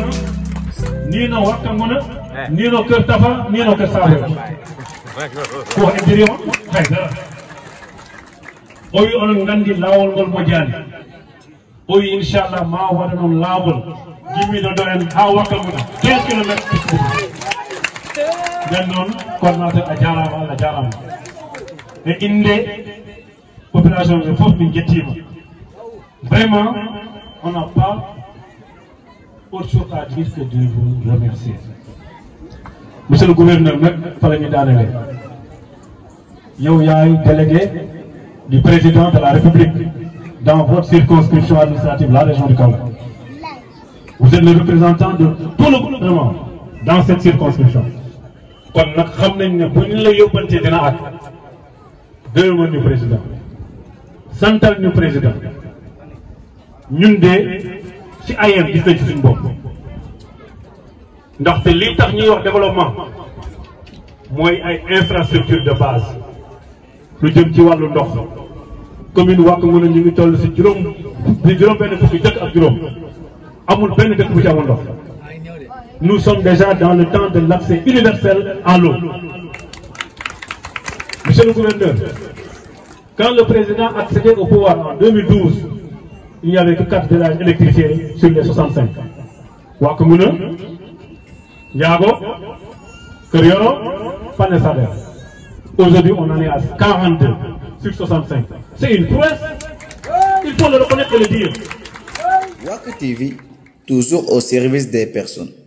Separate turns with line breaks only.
noon nino wakka ngona nino kër tafa eh. nino kër ah. saabe ko e diri on haydara o wi onon nganndi laawol ngol mo jaani o wi inchallah ma waɗa noon laawol jimmiɗo ɗo en haa wakka ngona deux kilométre nden noon coordinateur a jaaraama allah jaaraama e population ɓe eh, fof min jettiima vraiment on a pas Au chose de vous remercier. monsieur le gouverneur il y a ñu yow délégué du président de la république dans votre circonscription administrative la région du Kaolack vous êtes le représentant de tout le gouvernement dans cette circonscription kon nous savons que ne avons Deux la de dina ak président santal ñu président ñun ci ayam gis nañ ci suñu bopp ndaxte li tax ñuy wax développement mooy ay infrastructure de base lu jëm ci wàllu ndox commune Wack Ngouna ñu ngi toll si juróom di juróom benn fukki dëkk ak juróom amul benn dëkk bu ci amul ndox nous sommes déjà dans le temps de l'accès universel à l'eau monsieur le gouverneur quand le président accédait au pouvoir en 2012 il n'y avait que 4 villages électrifiés sur les 65. Wakumuna, Yago, Kurioro, Panesader. Aujourd'hui, on en est à 42 sur 65. C'est une prouesse. Il faut le reconnaître et le dire. Waku TV, toujours au service des personnes.